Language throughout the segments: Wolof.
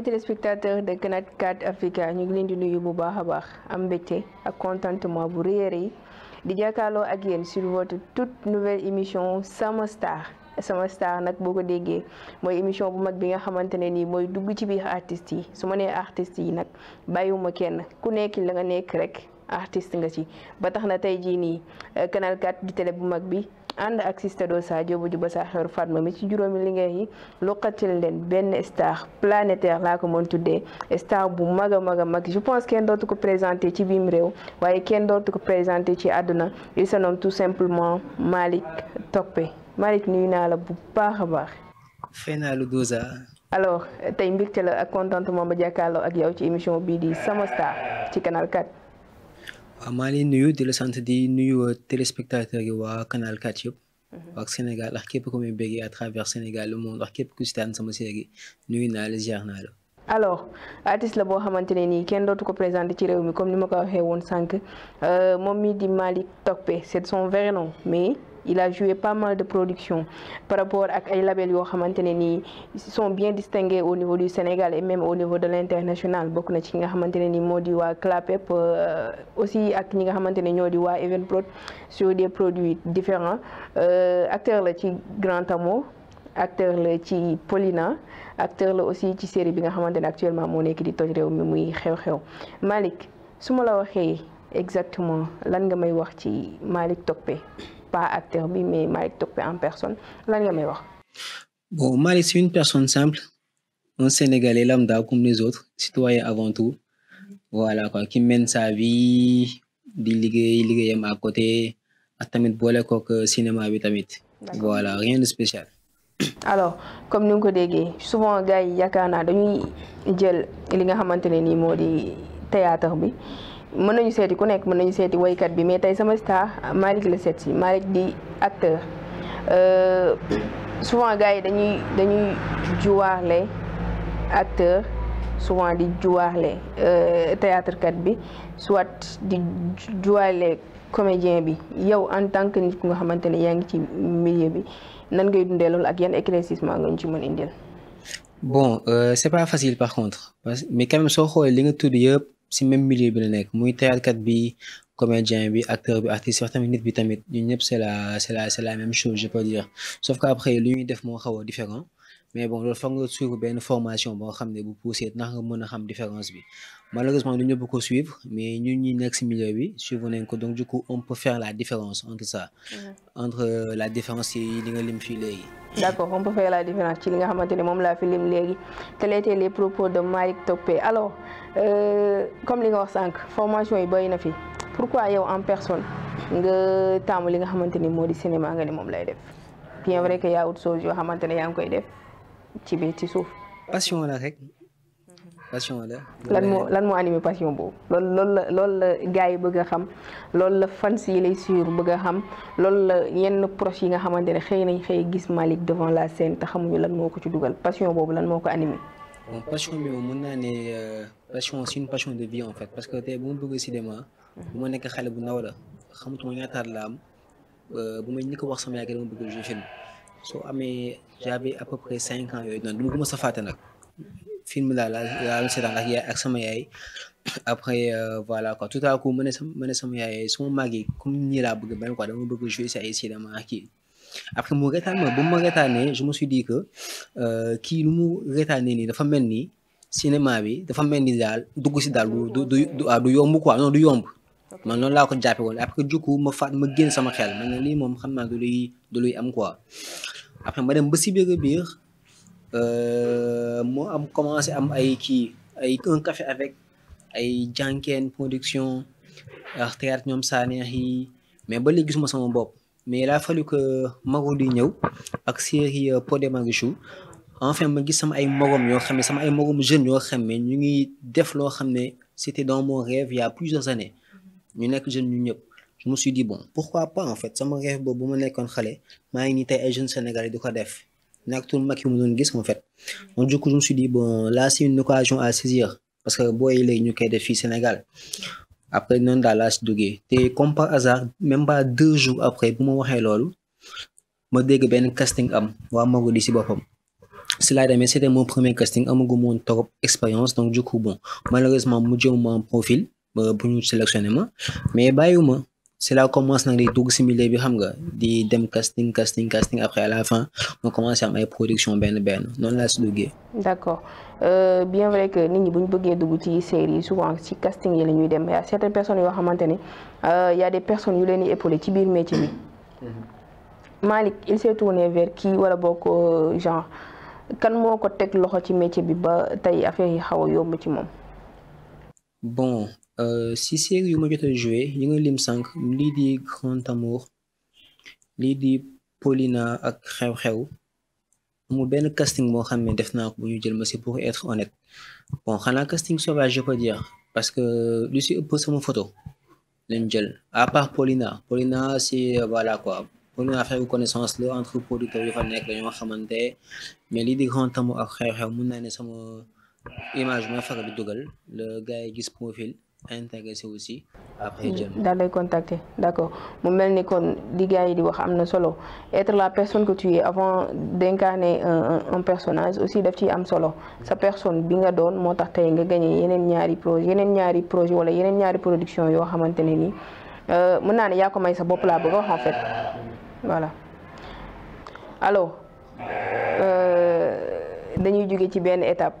amis téléspectateurs de Canal 4 Africa ñu ngi leen di nuyu bu baax a baax am mbégte ak contentement bu rëy yi di jàkkaarloo ak yéen sur votre toute nouvelle émission Sama Star Sama Star nag boo ko déggee mooy émission bu mag bi nga xamante ne nii mooy dugg ci biir artistes yi su ma nee artistes yi nag bàyyiwuma kenn ku nekk la nga nekk rek artiste nga ci ba tax na tey jii nii Canal 4 di télé bu mag bi. ànd ak Cissé Dossa Diop bu juba saa xeeru Fatma mi ci juróomi liggéey yi loqatil leen benn star planétaire laa ko mën tuddee star bu mag a mag a mag je pense kenn dootu ko présenté ci biim réew waaye kenn dootu ko présenté ci àdduna il se nomme tout simplement Malick Toppé Malick naa la bu baax a baax. fay naa lu Dossa. alors tey mbégte la ak contentement ba jàkkaarloo ak yow ci émission bii di sama star ci canal 4. waaw maa ngi nuyu di la sant di nuyu euh, téléspectateurs yi waa Canal 4 yëpp. Mhm. waa Sénégal ak képp ku muy béggee à travers Sénégal le monde ak képp ku si taan sama série nuyu naa la naa la. alors artiste la boo xamante ne nii kenn dootu ko présenté ci réew mi comme ni ma ko waxee woon sànq euh, moom mii di Malick Toppé c'est son vrai mais. il a joué pas mal de production par rapport ak ay label yoo xamante ne nii sont bien distingués au niveau du Sénégal et même au niveau de l'international bokk na ci nga xamante ne nii moo di waa Clapep euh, aussi ak ñi nga xamante ne ñoo di waa Evenprod sur des produits différents euh, acteur la ci Grand Amour acteur la ci Paulina acteur la aussi ci série bi nga xamante ne actuellement moo nekk di toj réew mi muy xew-xew Malick su ma la waxee exactement lan nga may wax ci Malick Toppé pas acteur bi mais Malick Topé en personne lan nga may wax. bon Malick c'est une personne simple un Sénégalais lambda comme les autres citoyen avant tout voilà quoi qui mène di liggéey liggéeyam à côté ak tamit boole kook euh, cinéma bi tamit. voilà rien de spécial. alors comme ni nga ko déggee souvent gars yi yaakaar naa dañuy jël li nga xamante ne nii moo théâtre bi. mën nañu seeti ku nekk mën nañu seeti woykat bi mais tey sama star Malick la seet si Malick di acteur euh, souvent gars yi dañuy dañuy juwaaxle acteur souvent di juwaaxle euh, théâtre kat bi soit di juwaale comédien bi yow en tant que nit ku nga xamante ne yaa ngi ci millier bi nan ngay dundee loolu ak yan éclaircissement nga ñu ci mën indil. bon euh, c'est pas facile par contre parce que mais quand soo xoolee li nga tudd yëpp. si même milieu bi la nekk muy théâtre bi comédien bi acteur bi artiste wax tamit nit bi tamit ñu ñëpp c'est la c'est la même chose je peux dire sauf que après lu ñuy def moo xaw a différent mais bon loolu foog nga suivre benn formation boo xam ne bu poussé ndax nga mën a xam différence bi malheureusement ñu ñëpp ko suivre mais ñu ñi nekk ci milieu bi suivre nañ ko donc du on peut faire la différence entre ça. entre euh, la différence ci li nga lim fii léegi. d'accord on peut faire la différence ci li nga xamante ne moom laa fi lim léegi tel était les propos de Malick Topé alors euh, comme li nga wax sànq formation yi bëri na fi pourquoi yow en personne nga taamu li nga xamante ni moo di cinéma nga ni moom lay def bien vrai que y a autre chose yoo xamante ne yaa ngi koy def ci biir ci suuf. passion la rek. passion la. lan moo lan moo animé passion boobu loolu loolu la loolu la gars yi bëgg a xam loolu la fan si lay suivre bëgg a xam loolu la yenn proches yi nga xamante ne xëy nañ xëy gis Malick devant la scène te xamuñu lan moo ko ci dugal passion boobu lan moo ko animé. bon passion bi moom mën naa ne euh, passion c'est une passion de vie en fait parce que te bu ma bëgg cinéma. bu ma nekk xale bu ndaw la xamatuma ñaataat la am euh, bu ma ñu ko wax sama yaakaar dama bëgg jouer soo amee j'avais à peu près yooyu noonu ma ko mos a fàtte film daal laa seetaan ak yaay ak sama yaay après euh, voilà quoi tout à coup ma sama ma ne sama yaay su ma màggee comme ñii laa bëgg benn dama ma ba mu ma retaanee je me suis dit que euh, kii lu mu retaanee nii dafa mel ni cinéma bi dafa mel ni daal dugg si daal du du du du ah, yomb quoi non du yomb. man noonu laa ko jàppe woon après jukku ma faat ma génn sama xel man ne lii moom xam naa du luy am quoi après ma dem ba si biir. moo am commencé am ay kii ay un café avec production ak théâtre ñoom saaneex yi mais ba léegi gisuma sama bopp mais il a fallu que Marodi ñëw ak série euh, Pod et Marichou enfin ma gis sama ay morom ñoo xam ne sama ay morom jeunes yoo xam ne ñu ngi def loo xam ne c'était dans moo rêve il a plusieurs années ñu nekk jeune ñu ñëpp je me suis dit bon pourquoi pas en fait sama rêve boobu bu ma nekkoon xale maa ngi nii tey ay jeunes sénégal di ko def nekkatul Macky mu doon gis en fait donc du coup je me suis une occasion à saisir parce que booy yi ñu koy def fii Sénégal après noonu daal laa si duggee te comme par hasard même pas deux jours après bu ma waxee loolu ma dégg benn casting am waa Marodi si boppam. si laa demee c'était mon premier casting amagu moon trop expérience donc du coup bon malheureusement mu jëm ma profil bu ñu sélectionné ma mais bàyyiwuma c'est la commence nag di dugg si milieu bi xam nga di dem casting casting casting après à la fin on commencé am ay production benn benn noonu laa si duggee. d'accord euh, bien que nit ñi bu ñu bëggee dugg ci série souvent ci casting yi la ñuy dem y a certaines yoo xamante ni euh, y a des personnes yu leen di épaulé ci biir métier bi. Mm-hmm. Malick il s'est tourné vers kii wala ko euh, genre kan moo ko teg loxo ci métier bi ba tey affaire yi xaw a yomb ci moom. Euh, si série yu ma jot a joué yi nga lim sànq lii di Grand Amour lii di Paulina ak xew-xew mu benn casting boo xam ne def naa ko bu ñu jël ma si pour être honnête bon xanaa casting sauvage je peux dire parce que lu si ëpp sama photo lañ jël à part Paulina Paulina si euh, voilà quoi Paulina affaire connaissance la entre producteurs yi nekk dañoo xamante mais lii di Grand Amour ak xew-xew mun naa ne sama image ma faral di dugal le gars gis profil. intégrer aussi après jël daal lay contacter d'accord mu mel ni kon di gars yi di wax am na solo être la personne que tu es avant d'incarner un personnage aussi daf ci am solo sa personne bi nga doon moo tax tey nga gagné yeneen ñaari projet yeneen ñaari projet wala yeneen ñaari production yoo xamante ne nii euh, mën naa ne yaa ko may sa bopp laa bëgg wax en fait voilà alors euh, dañuy jóge ci benn étape.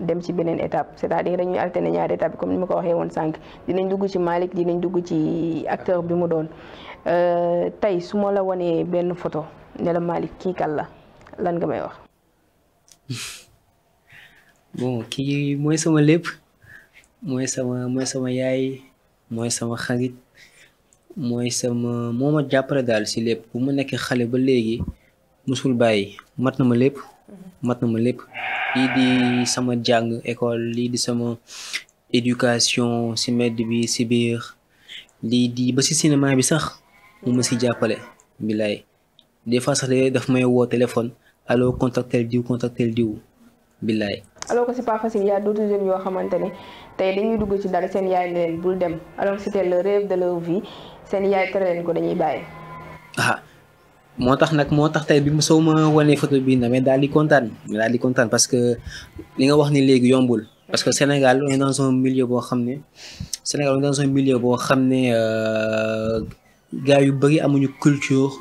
dem ci beneen étape c'est-à-dire dañuy alterner ñaari étape comme ni ma ko waxee woon sànq dinañ dugg ci Malick dinañ dugg ci acteur bi mu doon euh, tey su ma la wonee benn photo ne la Malick kii kan la lan nga may wax. bon kii mooy sama lépp mooy sama mooy sama yaay mooy sama xarit mooy sama moo jàppale daal si lépp bu ma nekkee xale ba léegi musul bàyyi mat na ma lépp. mat na ma lépp lii di sama jàng école lii di sama éducation si mbedd bi si biir lii di ba si cinéma bi sax mu ma si jàppale bilaay des fois sax daf may woo téléphone allo contactel diw contactel diw bilaay alors que pas facile y a d'autres yoo xamante ne tey dañuy dugg ci dara seen yaay ne leen bul dem alors que c'était le rêve de leur vie seen yaay tere leen ko dañuy bàyyi ah, moo tax nag moo tax tey bi mu man a wanee photo bii na mais daal di kontaan mais daal di kontaan parce que li nga wax ni léegi yombul parce que Sénégal on est dans boo xam ne Sénégal on est boo xam ne euh, gars yu bëri amuñu culture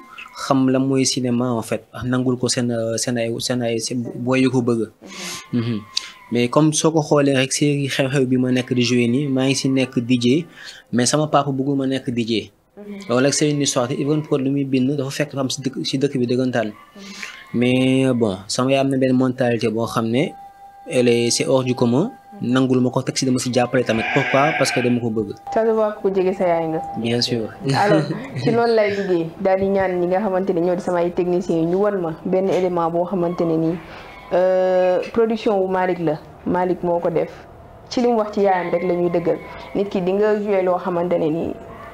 xam la mooy cinéma en fait nangul ko seen euh, seen ay seen ay booy yu ko bëgg mhm. mais comme soo ko xoolee rek série xew-xew bi ma nekk di joué nii maa ngi si nekk DJ mais sama papa bëggul ma nekk DJ wala c'est une histoire te Ivan Prod lu muy bind dafa fekk dafa si dëkk bi dëggantaan mais bon sama yaay am na benn mentalité boo xam ne elle est c'est hors du lu ma ko teg si dama si jàppale tamit pourquoi parce que dama ko bëgg. ça se voit ku jege sa yaay nga. bien sûr. alors ci loolu lay liggéey daal di ñaan ñi nga xamante ne ñoo di samay techniciens yi ñu wan ma benn élément boo xamante ne nii euh, production wu Malick la Malick moo ko def ci li mu wax ci yaayam rek la ñuy dëggal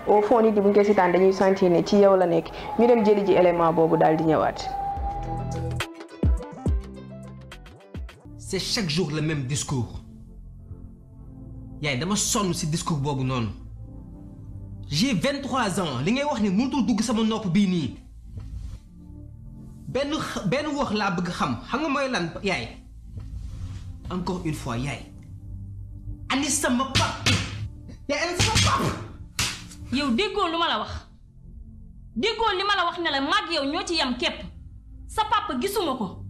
au fond nit ñi bu ñu koy seetaan dañuy sentir ne ci yow la nekk ñu dem jëli ji élément boobu daal di ñëwaat. c'est chaque jour la même discours yaay dama sonn si discours boobu noonu j'ai 23 ans li ngay wax ni mënutul dugg sama nopp bii nii benn benn wax laa bëgg xam xam nga mooy lan yaay encore une fois yaay. andi sama pap yaay andi sama pap yow déggoo lu ma la wax déggoo li ma la wax ne la mag yow ñoo ci yam képp gisuma ko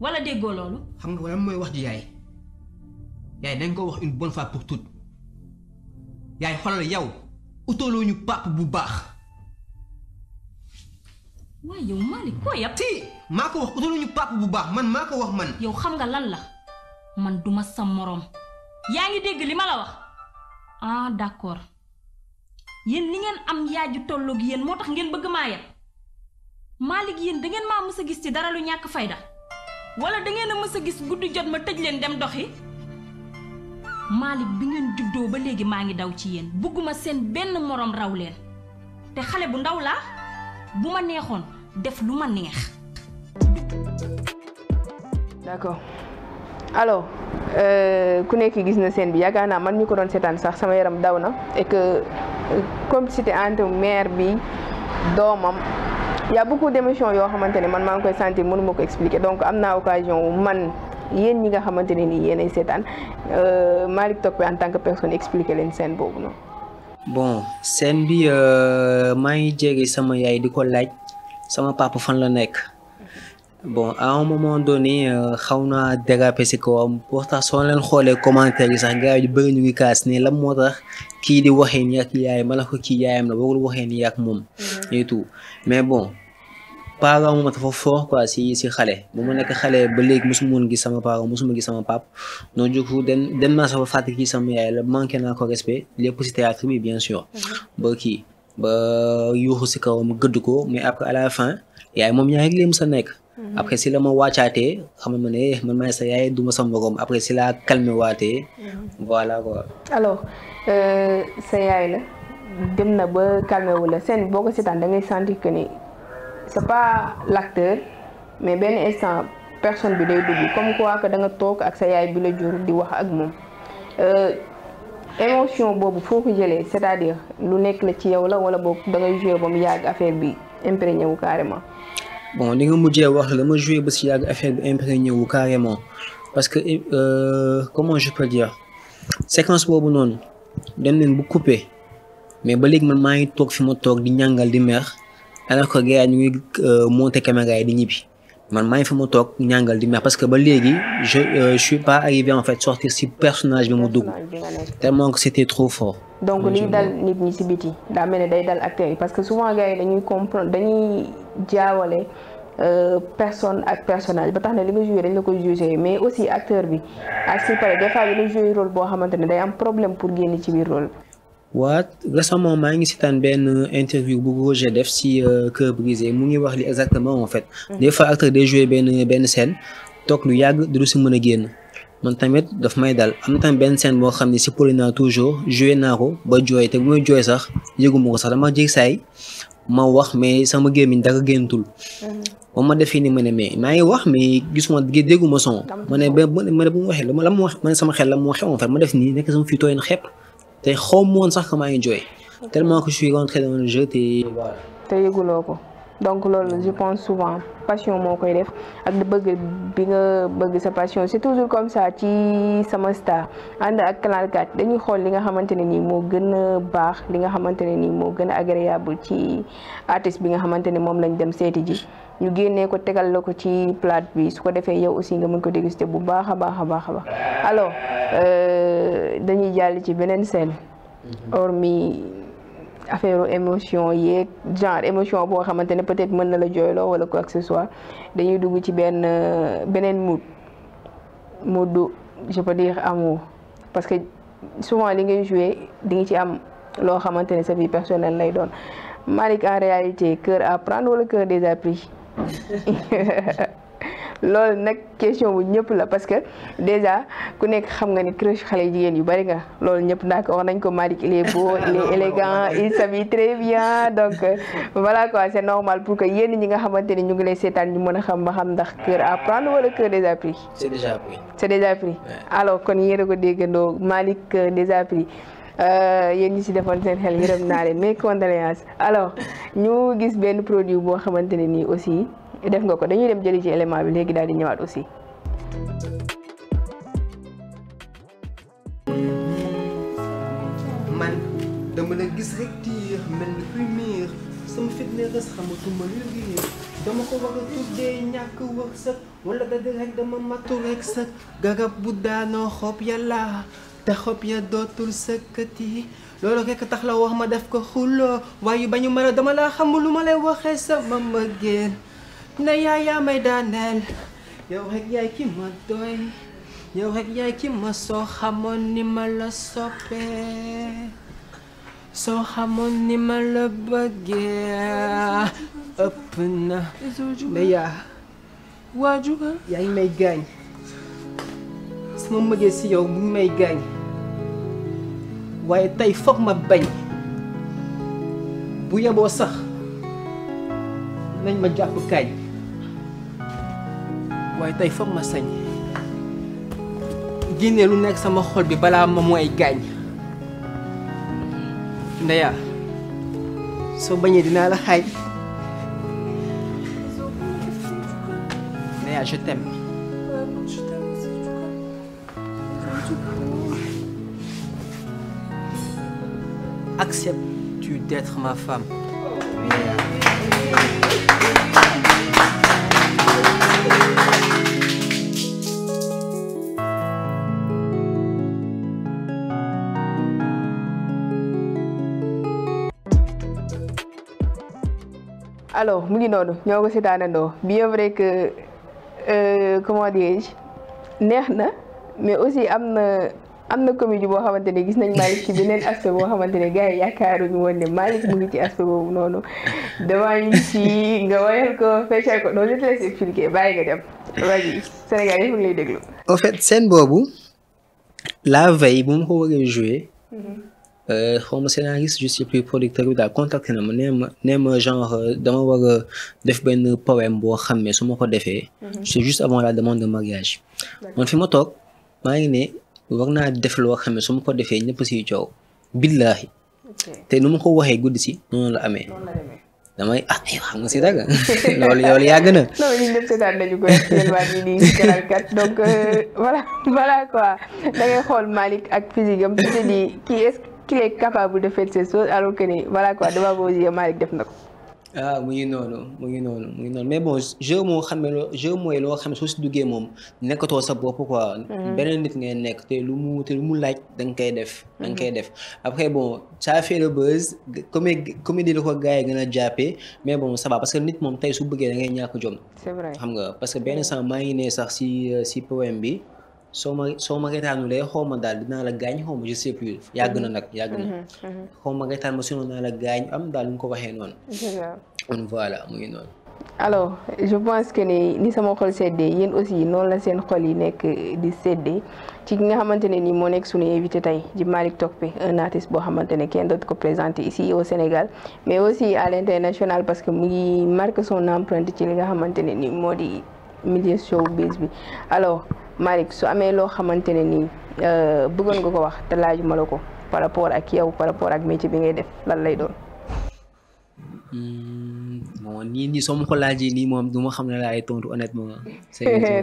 wala déggoo loolu. xam nga mooy wax ji yaay yaay dañ ko wax une bonne fois pour toutes yow utaaloo ñu pap bu baax. waaye yow Malick koo yab. maa ko wax utaaloo ñu pap bu baax man maa ko wax man. yow xam nga lan la man duma sa moroom yaa ngi dégg li ma la wax ah d'accord. yéen li ngeen am ju tolloog yéen moo tax ngeen bëgg maa yet Malick yéen da ngeen maa mës a gis ci dara lu ñàkk fayda wala da ngeen gis gudd jot ma tëj leen dem doxi Malick bi ngeen juddoo ba léegi maa ngi daw ci yéen bëgguma seen benn moroom raw leen te xale bu ndaw laa bu ma neexoon def lu ma neex. aloo alors euh, ku nekk gis na seen bi yaakaar naa man ñu ko doon seetaan sax sama yaram daw na et complicité entre maire bi doomam y a beaucoup d'émotions yoo xamante ne man maa ngi koy sentir mënu ma ko expliquer donc am naa occasion man yéen ñi nga xamante ne nii yéenay seetaan euh, Malick Toppé en tant que personne expliquer leen seen boobu noonu. bon seen bi euh, maa ngi jege sama yaay di ko laaj sama papa fan la nekk. bon à un moment donné euh, xaw naa déraper si kawam pour tax soo leen xoolee commentaire yi sax gars yi bëri ñu ngi kaas ne lan moo tax kii di waxee nii yaay ma kii yaayam la warul waxee nii ak moom. Mm-hmm. et mais bon parent moom dafa fort quoi si si xale bu nekk xale ba léegi mosuma woon gis sama parent mosuma gis sama pap donc du coup dem dem naa sax ba fàtte kii sama yaay la manqué naa ko respect lépp si théâtre bi bien sûr. Mm-hmm. ba kii ba yuuxu si kawam gëdd ko mais après à la fin yaay moom ñaari léem sa nekk. Mm-hmm. après si la ma wàccaatee xam ma ne man maay sa yaay du ma sa morom après si la calmé mm-hmm. voilà quoi. alors euh, sa yaay la dem na ba calmé wu la seen boo ko seetaan da ngay sentir que ni c'est pas l'acteur mais benn instant personne bi day dugg comme quoi que da nga toog ak sa yaay bi la jur di wax ak moom. Euh, émotion boobu foo ko jëlee c'est-à-dire lu nekk la ci yow la wala boobu da ngay ba mu yàgg affaire bi imprégné wu carrément. bon li wax la ma joué ba si yàgg affaire bi imprégné carrément parce que euh, comment je peux dire séquence boobu noonu dem leen bu coupé mais ba léegi man maa ngi toog fi ma toog di ñàngal di mer alors que gars ñu ngi euh, monté caméra yi di ñibbi man maa ngi fi ma toog ñàngal di mer parce que ba léegi je euh, je suis pas arrivé en fait sortir si personnage bi mu dugg tellement que c'était trop fort. donc liy dal nit ñi si biti daa mel day dal acteurs yi parce que souvent gars yi dañuy comprendre dañuy. jaawale euh, personne ak personnage ba tax na li nga joué dañ la koy jugé mais aussi acteur bi ak si pare des boo xamante ne day am problème pour génn ci biir rôle bi. waa récemment maa ngi seetaan benn interview bu Roger def si euh, Cœur brisé mu ngi wax li exactement en fait. Mm. des fois acteur day joué benn benn scène toog lu yàgg du si mën a génn. man tamit daf may dal am na tamit benn scène boo xam ne si Paulina toujours joué naa ko ba jooy te bu may jooy sax yëguma ko sax dama jég saay ma wax mais sama gémmiñ dara géntul mm-hmm. ba ma def ni ma ne mais maa ngi wax mais gisuma dégguma son ma ne ba ma ne bu ma waxee la ma wax sama xel la moo xewoon fa ma def nii nekk sama fii tooyoon xepp te xaw moon sax que maa ngi jooy tellement que je suis rentré dans le te. te yëguloo ko. donc loolu je pense souvent passion moo koy def ak bëgg bi nga bëgg sa passion c'est toujours comme ça ci sama star ànd ak Canal 4 dañuy xool li nga xamante ne nii moo gën a baax li nga xamante ne nii moo gën a agréable ci artiste bi nga xamante ne moom lañ dem seeti ji ñu génnee ko tegal la ko ci plate bi su ko defee yow aussi nga mën ko déguster bu baax a baax a baax a baax alors euh, dañuy jàll ci beneen scène mm-hmm. hormis affaire émotion yeeg genre émotion boo xamante ne peut-être mën na la jooyloo wala quoi que ce dañuy dugg ci benn beneen mood mood du je peux dire amour parce que souvent li ngay joué di nga ci am loo xamante ne sa vie personnelle lay doon Malick en réalité cœur à prendre wala cœur déjà pris loolu nag question bu ñëpp la parce que déjà ku nekk xam nga ni crush xale jigéen yu bari nga loolu ñëpp naa ko wax nañ ko Malick il est beau il est il s'habille très bien donc euh, voilà quoi c'est normal pour que yéen ñi nga xamante ni ñu ngi lay seetaan ñu mën a xam ba xam ndax cœur à prendre wala cœur déjà pris. c'est déjà pris. c'est kon yéen ko déggandoo Malick cœur déjà pris. Euh, yéen ñi si defoon seen xel yërëm naa leen mes condoléances alors ñu gis benn produit boo xamante ne nii aussi def nga ko dañuy dem jëli ci élément bi léegi daal di ñëwaat aussi. man dama gis rek tiir ko war tuddee ñàkk wërsëg wala dadi rek dama matu rek sëg garab bu daanoo xob yàlla te xob ya dootul sëkkati loolu rekk tax la wax ma def ko xulloo waaye bañu ma dama laa xam lu ma lay waxee sama mbëggeel na yaay yaa may daaneel yow rek yaay ki ma doy yow rek yaay ki ma soo xamoon ni ma la soppee soo xamoon ni ma la bëggee ëpp na na yaa waaju nga yaa ngi may gaañ su ma mëggee si yow bu may gaañ waaye tey foog ma bañ bu yeboo sax nañ ma jàpp kañ waaye tay foog ma sañ génne lu nekk sama xol bi balaa ma mooy gaañ ndeya soo bañee dinaa la xaaj ndeya je t'aime acceptes-tu d'être ma femme alors mu ngi noonu ñoo ko seetaanandoo bien vrai que euh, comment dirais-je neex na mais aussi am na am na comédie boo xamante ne gis nañ Malick ci beneen aspect boo xamante ne gars yi yaakaaruñu woon ne Malick mu ngi ci aspect boobu noonu damaa ñu ci nga wayal ko feccal ko noonu je te laisse dem Sénégal yëpp ngi lay fait scène boobu la veille bu mu ko waree jouer. Mm-hmm. Euh, xaw ma scénariste je suis plus producteur bi daal contacté na ma nee ma nee ma genre euh, war a def benn poème boo xam ne su ma ko defee. Mhm. c'est juste avant la demande de mariage. man fi ma toog ne war naa def loo xam ne su ma ko defee ñëpp siy coow. billahi te nu ma ko waxee guddi si noonu la amee. damay ah aywa xam nga si dara loolu loolu yàgg na. non ñun ñëpp seetaan nañu ko yalwaat yi di si canal 4 donc euh, voilà voilà quoi da ngay xool Malick ak physique am te di kii est qu'il est capable de faire ces choses alors que voilà ko. ah mu ngi noonu mu ngi noonu mu ngi noonu mais bon jeu moo xam ne loo jeu mooy loo xam ne soo si duggee moom nekkatoo sa bopp quoi. Hmm. beneen nit ngay nekk te lu mu laaj da nga koy def. da nga koy hmm. def après bon ça a fait le buzz comédie comédie la ko gars yi a jàppee mais bon ça va parce que nit moom tey su bëggee da ngay jom. c'est vrai xam nga parce que hmm. sax si euh, si bi. soo ma soo ma retaanulee xaw ma daal dinaa la gaañ xaw ma je yàgg na nag yàgg na xaw ma retaan ma sinon naa la gaañ am daal lu ko waxee noonu on voilà mu ngi noonu je pense que ni ni sama xol seddee yéen aussi noonu la seen xol yi nekk di seddee ci ki nga xamante ne nii moo nekk suñu invité tey di Malick Tokpe un artiste boo xamante ne kenn dootu ko présenté ici au Sénégal mais aussi à l'international parce que mu ngi marque son empreinte ci li nga xamante ne nii moo di milieu showbiz bi alors Malick su amee loo xamante ne nii euh, bëggoon nga ko wax te laajuma la ko par rapport ak yow par rapport ak métier bi ngay def lan lay doon. Hmm, bon nii nii soo ma ko laajee nii moom du ma xam ne laay tontu honnêtement.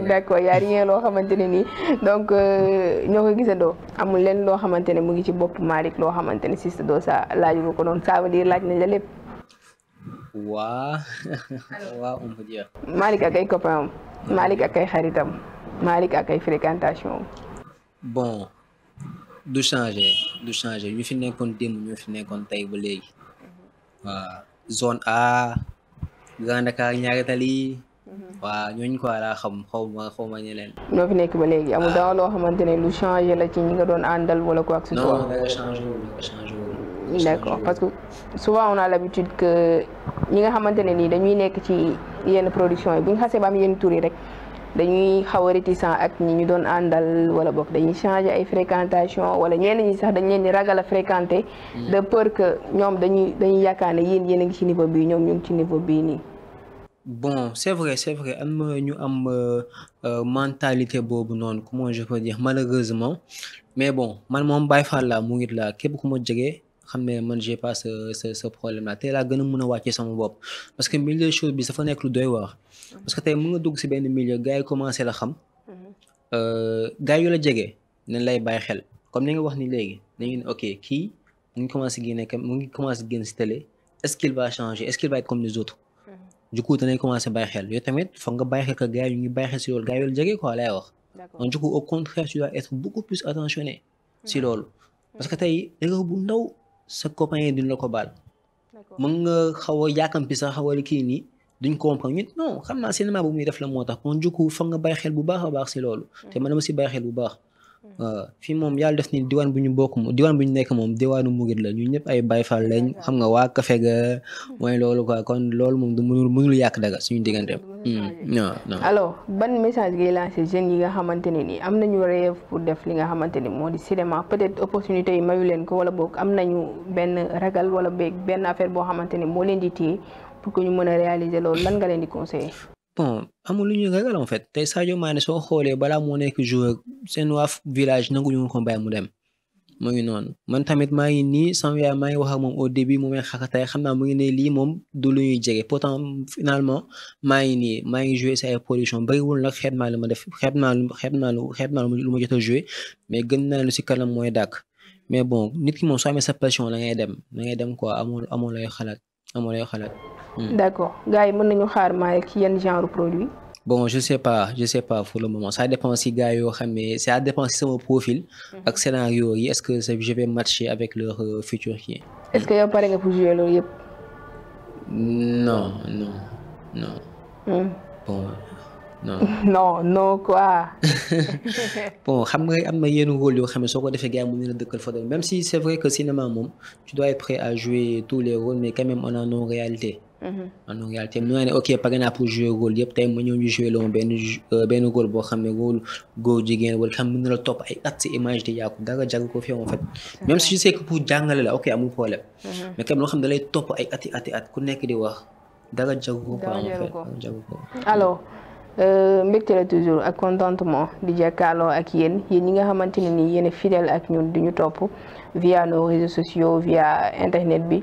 d' accord yaa rien loo xamante ne nii donc euh, ñoo ko gisandoo amul leen loo xamante ne mu ngi ci bopp Malick loo xamante ne Ciss Dosa saa laaju nga ko noonu ça veut dire laaj nañ la lépp. waa waa on peut dire. Malick ak ay xaritam. Malick ak ay fréquentation bon du changer du changer ñu fi nekkoon démb ñu fi nekkoon tey ba léegi waaw zone A Grand Dakar ñaari tali waaw ko laa xam xaw ma xaw ma ñeneen. ñoo fi nekk ba léegi amul ah. daaw loo xamante ne lu changé la ci ñi nga doon àndal wala ko ak. si tool non parce que souvent on a l'habitude que ñi nga xamante ne nii dañuy nekk ci yenn production yi bu ñu xasee ba am yenn tur yi rek. dañuy xaw a réticent ak ñi ñu doon àndal wala boog dañuy changer ay fréquentation wala ñenn ñi sax dañu leen di ragal a fréquenter. Mm. de peur que ñoom dañuy dañuy yaakaar ne yéen yéen a ngi ci niveau bii ñoom ñu ngi ci niveau bii nii. bon c'est vrai c'est vrai am ñu am euh, euh, mentalité boobu noonu comment je peux dire malheureusement mais bon man moom Baye Fall laa mu ngi la képp ku ma jege. xam ne man j'ai pas ce problème là tey laa gën a mën a wàccee sama bopp parce que milieu chose bi dafa nekk lu doy waar parce que tey mën nga dugg si benn milieu gars yi la xam euh, gars yu jege nañ lay bàyyi xel comme ni nga wax ni léegi nañu ne ok kii mu ngi commencé génne mu ngi commencé changer est-ce qu'il comme les autres du coup danañ commencé bàyyi xel yow tamit foog nga xel que gars yi ngi bàyyi xel si loolu gars yu jege quoi lay wax donc du au contraire sa copain yi duñ la ko baal. mën nga xaw a yàkkamti sax xaw a kii nii duñ comprendre ñun non xam naa cinéma bu muy def la moo tax kon du coup foog nga bàyyi xel bu baax a baax si loolu. Mm. te man dama si bàyyi xel bu baax. Euh, fii moom yàlla def ni diwaan bu ñu bokk moom diwaan bu ñu nekk moom diwaanu mugit la ñun ñëpp ay Baay Faal lañ xam nga waa kafe ga mooy loolu ko kon loolu moom du mënul mënul yàq daga suñu digganteem hmm. non non alors ban message gi ngay lancé jeunes yi nga xamante ne nii am nañu rêve pour def li nga xamante ni moo di cinéma peut-être opportunité yi mayu leen ko wala boog am nañu benn ragal wala beeg benn affaire boo xamante ni moo leen di téye pour que ñu mën a réaliser loolu lan nga leen di conseiller bon amul lu ñuy ragal en fait tey Sadio soo xoolee balaa moo nekk joueur seen waa village nangu ñu ko bàyyi mu dem mu ngi noon man tamit maa ngi nii sama yaay maa ngi wax ak moom au début mu may xakatay xam naa mu ngi ne lii moom du lu ñuy jege pourtant finalement maa ngi nii maa ngi joué si ay production bëriwul nag xeet naa lu ma def xeet naa lu xeet xeet naa lu ma jot a joué mais gën naa lu si kanam mooy dàkk mais bon nit ki moom soo amee sa passion la ngay dem la ngay dem quoi amul xalaat. amoo lay xalaat. Hmm. d'accord gars yi mën nañu xaar maay ki yenn genre produit. bon je sais pas je sais pas pour le moment ça dépend si gars yoo xam ne ça dépend si sama profil. Hmm. ak scénario yi est-ce que je vais matcher avec leur euh, futur kii. est-ce que yow pare nga pour jouer loolu non non non. Hmm. bon. non non non quoi. bon xam nga am na yenn rôle yoo xam ne soo ko defee gars yi mu ne la dëkkal fa même si c' est vrai que cinéma moom tu dois être prêt à jouer tous les rôles mais quand même on a nos réalités. en réalité mm-hmm. mu ne ok pare naa pour jouer rôle yëpp tey ma ñëw ñu jouer loon benn euh, benn rôle boo xam ne rôle góor jigéen wala xam mën na la topp ay at si image te yaa ko dara jàng ko fi en fait même si je sais que pour jàngale la ok amul problème. Mm-hmm. mais kam loo xam ne da lay topp ay ati ati at ku nekk di wax dara jagu ko. dara jagu ko alors. Euh, mbégte la toujours ak contentement di jàkkaarloo ak yéen yéen ñi nga xamante ne nii yéen a ak ñun du ñu topp via nos réseaux sociaux via internet bi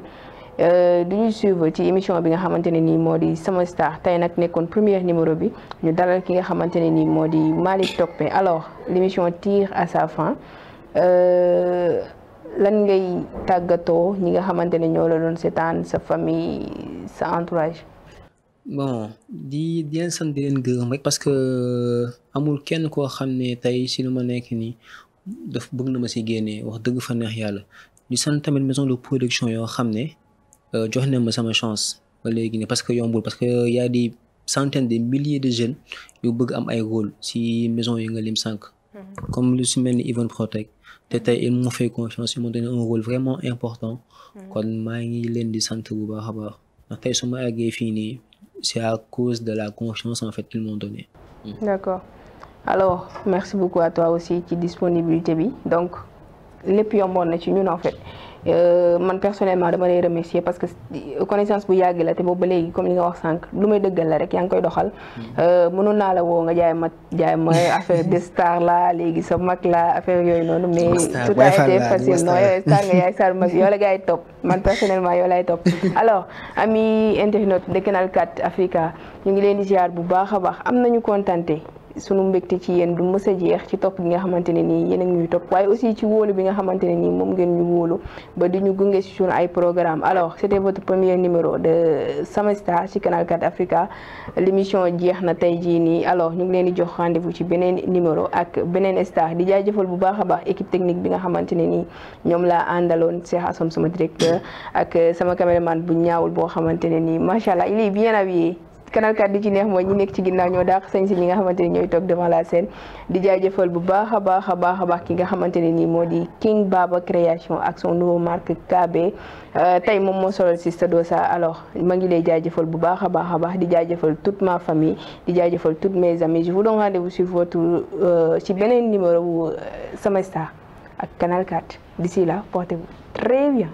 euh, du ñu suivre ci émission bi nga xamante ne nii moo di sama star tey nag nekkoon première numéro bi ñu dalal ki nga xamante ne nii moo di Malick Topé alors l'émission tire à sa fin euh, lan ngay tàggatoo ñi nga xamante ne ñoo la doon seetaan sa famille sa entourage. bon di di sant di leen gërëm rek parce que amul kenn koo xam ne tey si lu ma nekk nii daf bëgg na ma si génnee wax dëgg fa neex yàlla di sant tamit maison de production yoo xam ne euh, jox ne ma sama chance ba léegi nii parce que yombul parce que yaa di centaines de milliers de jeunes yu bëgg am ay rôle si maison yi nga lim sànq. Mhm. comme lu si mel ni Yvonne Protec te tey il m'a fait confiance il m'a donné un rôle vraiment important mhm. kon maa ngi leen di sant bu baax a baax àggee fii nii c'est à cause de la confiance en fait qu'ils m'ont donnée. Mm. D'accord. alors merci beaucoup à toi aussi ci disponibilité bi donc lépp yomboon na ci ñun en fait. Euh, man personnellement dama lay remercier parce que connaissance bu yàgg la te boobu ba léegi comme li nga wax sànq lu may dëggal la rek yaa ngi koy doxal. Mm-hmm. Euh, mënoon naa la woo nga jaay ma jaay ma affaire de star la léegi sa mag laa affaire yooyu noonu. mais tout a été facile non yooyu star nga yaay star mag yoo la gaay topp man personnellement yoo lay topp. alors ami internaute de Canal 4 Africa ñu ngi leen di ziar bu baax a baax am nañu kontante. su sunu mbégte ci yéen du mës jeex ci topp gi nga xamante ne nii yéen a ñuy topp aussi ci wóolu bi nga xamante ne nii moom ngeen ñu wóolu ba di ñu gunge si sunu ay programme alors c'était votre premier numéro de Samstar ci Canal 4 Africa l'émission jeex na tey jii nii alors ñu ngi leen di jox rendez ci beneen numéro ak beneen star di jaajëfal bu baax a baax équipe technique bi nga xamante ne nii ñoom laa àndaloon Cheikh Assom sama directeur ak sama caméraman bu ñaawul boo xamante ne nii macha allah il est bien kanalkat di ci neex mooy ñi nekk ci ginnaaw ñoo daax sañ si ñi nga xamante ni ñooy toog devant la scène di jaajëfal bu baax a baax a baax a baax ki nga xamante ne nii moo di King Baba création ak son nouveau marque KB euh, tey moom moo solal si Stado sa alors ma ngi lay jaajëfal bu baax a baax a baax di jaajëfal toute ma famille di jaajëfal toutes mes amis je vous donne rendez-vous sur votre ci euh, beneen numéro wu euh, Sama Star ak Canal 4 d'ici là portez-vous très bien